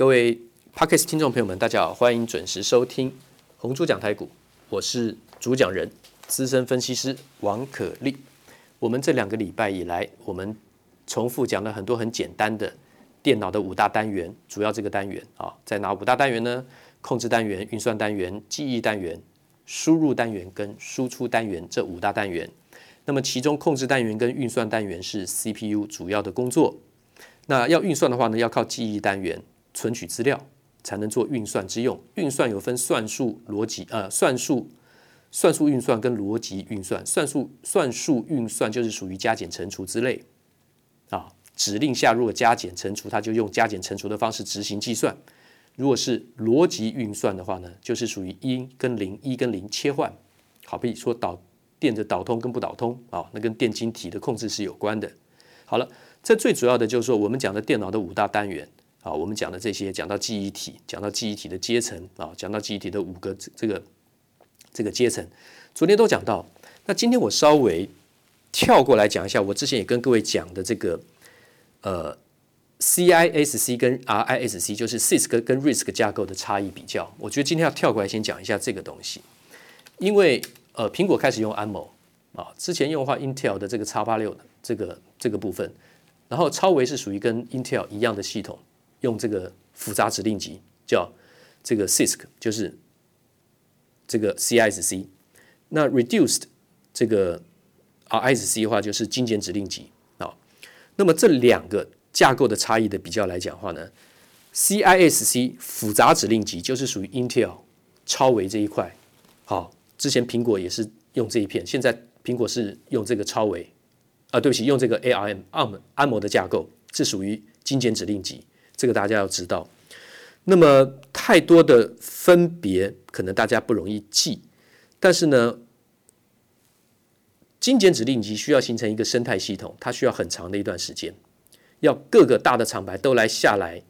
各位 Podcast 聽眾朋友們，大家好，歡迎準時收聽《紅豬講台股》，我是主講人、資深分析師王可立。我們這兩個禮拜以來，我們重複講了很多很簡單的電腦的五大單元，主要這個單元啊、哦，在哪五大單元呢？控制單元、運算單元、記憶單元、輸入單元跟輸出單元這五大單元。那麼其中控制單元跟運算單元是 CPU 主要的工作，那要運算的話呢，要靠記憶單元。存取資料才能做運算之用，運算有分算術邏輯，呃，算術算術運算跟邏輯運算，算術算術運算就是屬於加減乘除之類，啊，指令下如果加減乘除，它就用加減乘除的方式執行計算；如果是邏輯運算的話呢，就是屬於一跟零一跟零切換，好比說導電的導通跟不導通，啊，那跟電晶體的控制是有關的。好了，這最主要的就是說我們講的電腦的五大單元。啊，我們講的這些，講到記憶體，講到記憶體的階層啊，講到記憶體的五個這個這個階層，昨天都講到。那今天我稍微跳過來講一下，我之前也跟各位講的這個呃 CISC 跟 RISC，就是 CISC 跟 RISC 架構的差異比較。我覺得今天要跳過來先講一下這個東西，因為呃，蘋果開始用 ARM 啊，之前用的話 Intel 的這個叉八六的這個這個部分，然後超微是屬於跟 Intel 一樣的系統。用這個複雜指令集叫這個 CISC，就是這個 CISC。那 Reduced 這個 RISC 的話就是精簡指令集啊。那麼這兩個架構的差異的比較來講的話呢，CISC 複雜指令集就是屬於 Intel 超微這一塊。好，之前蘋果也是用這一片，現在蘋果是用這個超微，啊，對不起，用這個 ARM 安謀的架構是屬於精簡指令集。這個大家要知道，那麼太多的分別可能大家不容易記，但是呢，精簡指令集需要形成一個生態系統，它需要很長的一段時間，要各個大的廠牌都來下來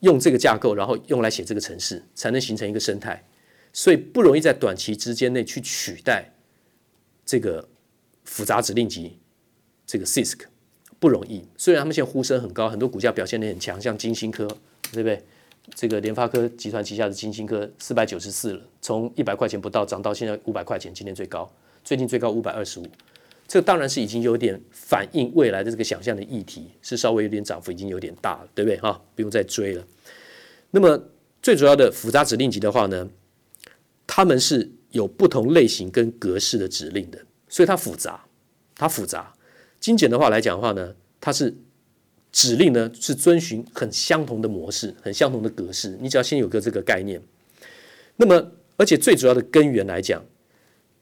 用這個架構，然後用來寫這個程式，才能形成一個生態，所以不容易在短期之間內去取代這個複雜指令集，這個 CISC。不容易，雖然他們現在呼聲很高，很多股價表現得很強，像晶心科，對不對？這個聯發科集團旗下的晶心科四百九十四了，從一百塊錢不到漲到現在五百塊錢，今天最高，最近最高五百二十五。這當然是已經有點反映未來的這個想象的議題，是稍微有點漲幅已經有點大了，對不對哈，不用再追了。那麼最主要的複雜指令集的話呢，他們是有不同類型跟格式的指令的，所以它複雜，它複雜。精簡的話來講的話呢，它是指令呢是遵循，很相同的模式，很相同的格式。你只要先有個這個概念。那麼，而且最主要的根源來講，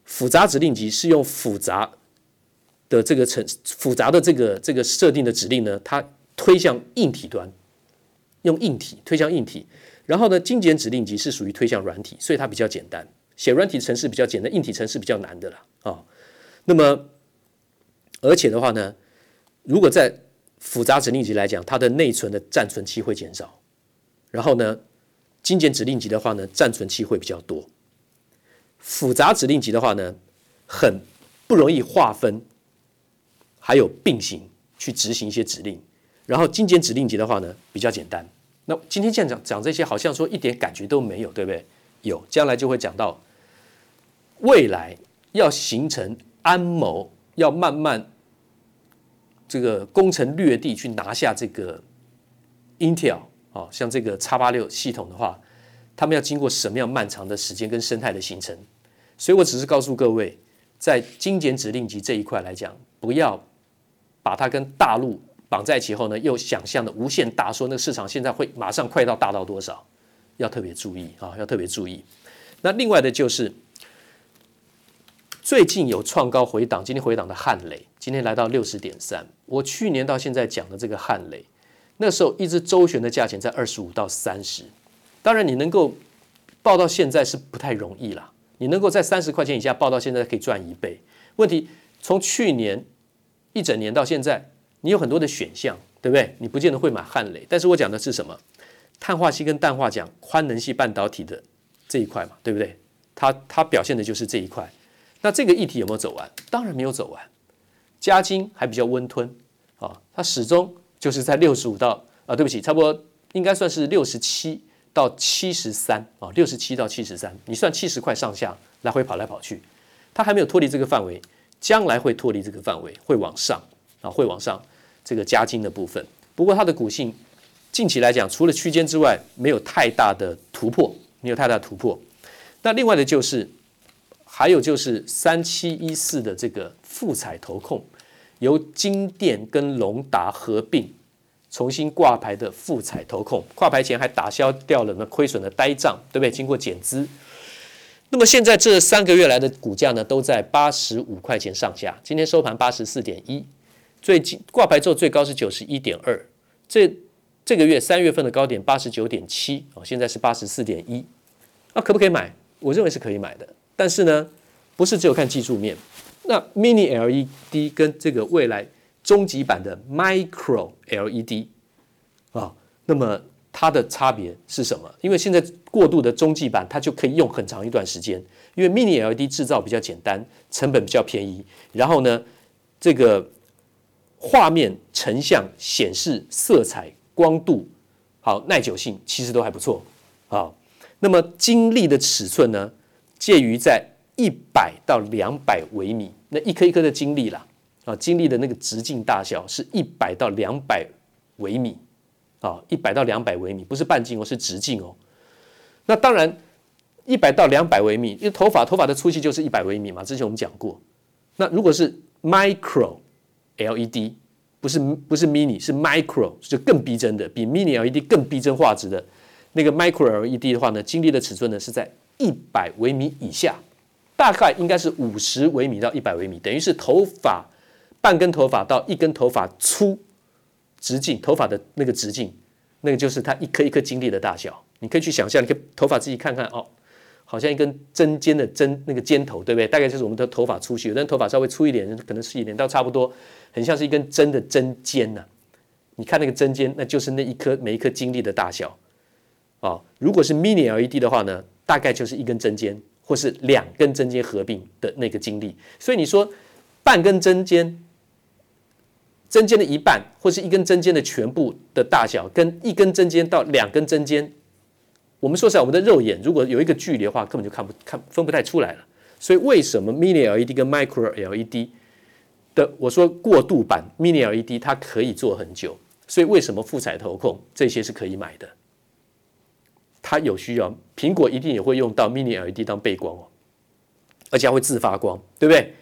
複雜指令集是用複雜的這個程，複雜的這個這個設定的指令呢，它推向硬體端，用硬體推向硬體。然後呢，精簡指令集是屬於推向軟體，所以它比較簡單。寫軟體程式比較簡單，硬體程式比較難的啦。啊、哦，那麼。而且的話呢，如果在複雜指令集來講，它的內存的暫存器會減少；然後呢，精簡指令集的話呢，暫存器會比較多。複雜指令集的話呢，很不容易劃分，還有並行去執行一些指令；然後精簡指令集的話呢，比較簡單。那今天現場講這些，好像說一點感覺都沒有，對不對？有，將來就會講到未來要形成安謀。要慢慢這個攻城略地去拿下這個 Intel 啊，像這個 X86 系統的話，他們要經過什麼樣漫長的時間跟生態的形成？所以，我只是告訴各位，在精簡指令集這一塊來講，不要把它跟大陸綁在一起後呢，又想象的無限大，說那個市場現在會馬上快到大到多少？要特別注意啊，要特別注意。那另外的就是。最近有創高回檔，今天回檔的漢磊，今天來到六十點三，我去年到現在講的這個漢磊，那時候一直周旋的價錢在二十五到三十。當然，你能夠抱到現在是不太容易了。你能夠在三十塊錢以下抱到現在可以賺一倍，問題從去年一整年到現在，你有很多的選項，對不對？你不見得會買漢磊，但是我講的是什麼？碳化硅跟氮化鎵寬能隙半導體的這一塊嘛，對不對？它它表現的就是這一塊。那這個議題有沒有走完？當然沒有走完，嘉晶還比較溫吞啊，它始終就是在六十五到，啊，對不起，差不多應該算是六十七到七十三啊，六十七到七十三，你算七十塊上下來回跑來跑去，它還沒有脫離這個範圍，將來會脫離這個範圍，會往上啊，會往上這個嘉晶的部分。不過它的股性近期來講，除了區間之外，沒有太大的突破，沒有太大突破。那另外的就是。還有就是三七一四的這個富采投控，由晶電跟隆達合併重新掛牌的富采投控，掛牌前還打消掉了那虧損的呆賬，對不對？經過減資，那麼現在這三個月來的股價呢，都在八十五塊錢上下，今天收盤八十四點一，最近掛牌之後最高是九十一點二，這這個月三月份的高點八十九點七哦，現在是八十四點一，那、啊、可不可以買？我認為是可以買的。但是呢，不是只有看技術面。那 mini LED 跟這個未來終極版的 micro LED 啊、哦，那麼它的差別是什麼？因為現在過渡的終極版，它就可以用很長一段時間。因為 mini LED 製造比較簡單，成本比較便宜。然後呢，這個畫面成像、顯示、色彩、光度、好耐久性，其實都還不錯啊、哦。那麼晶粒的尺寸呢？介於在一百到兩百微米，那一顆一顆的晶粒啦，啊，晶粒的那個直徑大小是一百到兩百微米啊，一百到兩百微米不是半徑哦，是直徑哦。那當然，一百到兩百微米，因為頭髮頭髮的粗細就是一百微米嘛。之前我們講過，那如果是 micro LED，不是不是 mini，是 micro 就更逼真的，比 mini LED 更逼真畫質的那個 micro LED 的話呢，晶粒的尺寸呢是在。一百微米以下，大概應該是五十微米到一百微米，等於是頭髮半根頭髮到一根頭髮粗直徑，頭髮的那個直徑，那個就是它一顆一顆晶粒的大小。你可以去想象，你可以頭髮自己看看哦，好像一根針尖的針那個尖頭，對不對？大概就是我們的頭髮粗細。有的人頭髮稍微粗一點，可能細一點，到差不多很像是一根針的針尖呢、啊。你看那個針尖，那就是那一顆每一顆晶粒的大小啊、哦。如果是 mini LED 的話呢？大概就是一根針尖，或是兩根針尖合併的那個精力。所以你說半根針尖，針尖的一半，或是一根針尖的全部的大小，跟一根針尖到兩根針尖，我們說實話我們的肉眼如果有一個距離的話，根本就看不看分不太出來了。所以為什麼 mini LED 跟 micro LED 的我說過渡版 mini LED 它可以做很久，所以為什麼富采投控這些是可以買的？它有需要，蘋果一定也會用到 mini LED 當背光哦，而且還會自發光，對不對？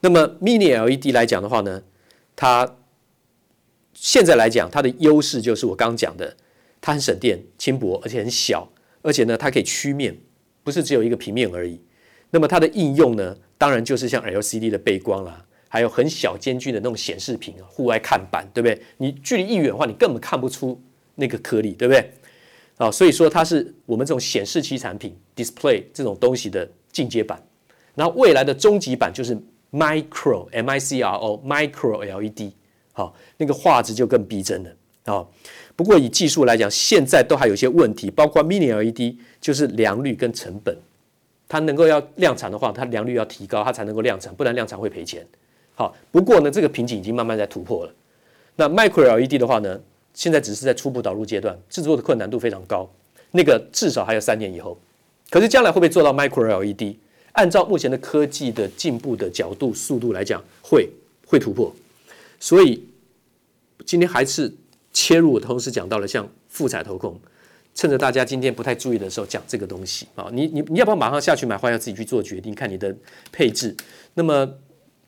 那麼 mini LED 來講的話呢，它現在來講它的優勢就是我剛剛講的，它很省電、輕薄，而且很小，而且呢它可以曲面，不是只有一個平面而已。那麼它的應用呢，當然就是像 LCD 的背光啦，還有很小間距的那種顯示屏，戶外看板，對不對？你距離一遠的話，你根本看不出那個顆粒，對不對？啊、哦，所以說它是我們這種顯示器產品 display 這種東西的進階版，那未來的終極版就是 micro M I C R O micro LED 好、哦，那個畫質就更逼真了啊、哦。不過以技術來講，現在都還有一些問題，包括 mini LED 就是良率跟成本，它能夠要量產的話，它良率要提高，它才能夠量產，不然量產會賠錢。好、哦，不過呢，這個瓶頸已經慢慢在突破了。那 micro LED 的話呢？現在只是在初步導入階段，製作的困難度非常高。那個至少還有三年以後。可是將來會不會做到 micro LED？按照目前的科技的進步的角度、速度來講，會會突破。所以今天還是切入我，同時講到了像富采投控，趁着大家今天不太注意的時候講這個東西啊。你你你要不要馬上下去買？要自己去做決定，看你的配置。那麼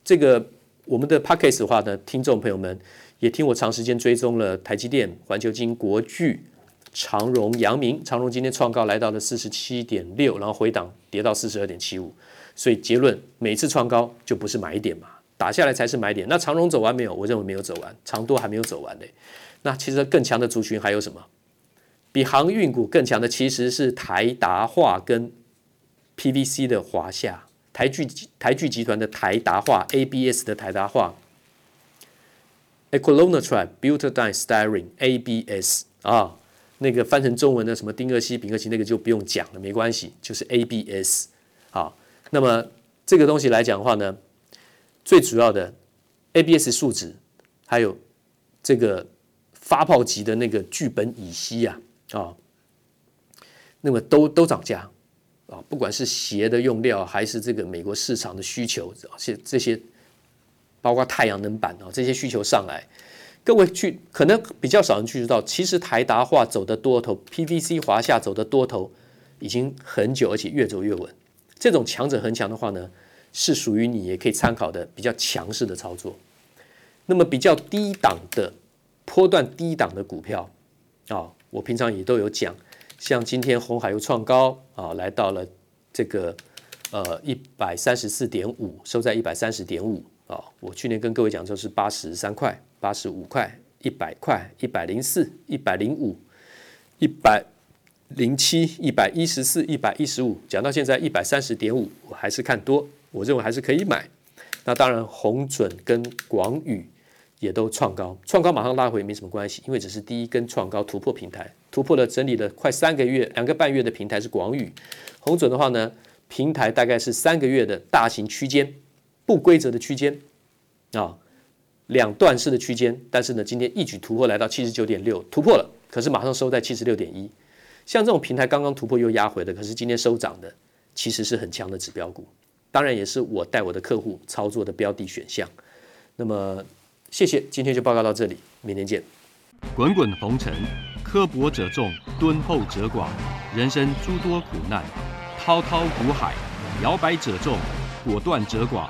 這個我們的 package 的話呢，聽眾朋友們。也聽我長時間追蹤了台積電、環球金、國巨、長榮、陽明。長榮今天創高來到了四十七點六，然後回檔跌到四十二點七五。所以結論，每次創高就不是買點嘛，打下來才是買點。那長榮走完沒有？我認為沒有走完，長多還沒有走完嘞。那其實更強的族群還有什麼？比航運股更強的其實是台達化跟 PVC 的華夏、台聚台聚集團的台達化、ABS 的台達化。e c o n a t r i Butadiene、Styrene、ABS 啊，那個翻成中文的什麼丁克烯、丙克烯，那個就不用講了，沒關係，就是 ABS、啊。好，那麼這個東西來講的話呢，最主要的 ABS 數脂，還有這個發泡級的那個聚苯乙烯呀，啊，那麼都都漲價啊，不管是鞋的用料，還是這個美國市場的需求，這些。包括太陽能板啊、哦，這些需求上來，各位去可能比較少人注意到，其實台達化走的多頭，PVC 華夏走的多頭，已經很久，而且越走越穩。這種強者恆強的話呢，是屬於你也可以參考的比較強勢的操作。那麼比較低檔的，波段低檔的股票啊、哦，我平常也都有講，像今天紅海又創高啊、哦，來到了這個呃一百三十四點五，收在一百三十點五。我去年跟各位講就是八十三塊、八十五塊、一百塊、一百零四、一百零五、一百零七、一百一十四、一百一十五，講到現在一百三十點五，我還是看多，我認為還是可以買。那當然，紅準跟廣宇也都創高，創高馬上拉回沒什麼關係，因為只是第一根創高突破平台，突破了整理了快三個月、兩個半月的平台是廣宇，紅準的話呢，平台大概是三個月的大型區間。不規則的區間，啊、哦，兩段式的區間，但是呢，今天一舉突破，來到七十九點六，突破了，可是馬上收在七十六點一，像這種平台剛剛突破又壓回的，可是今天收漲的，其實是很強的指標股，當然也是我帶我的客戶操作的標的選項。那麼，謝謝，今天就報告到這裡，明天見。滾滾紅塵，刻薄者眾，敦厚者寡；人生諸多苦難，滔滔苦海，搖擺者眾，果斷者寡。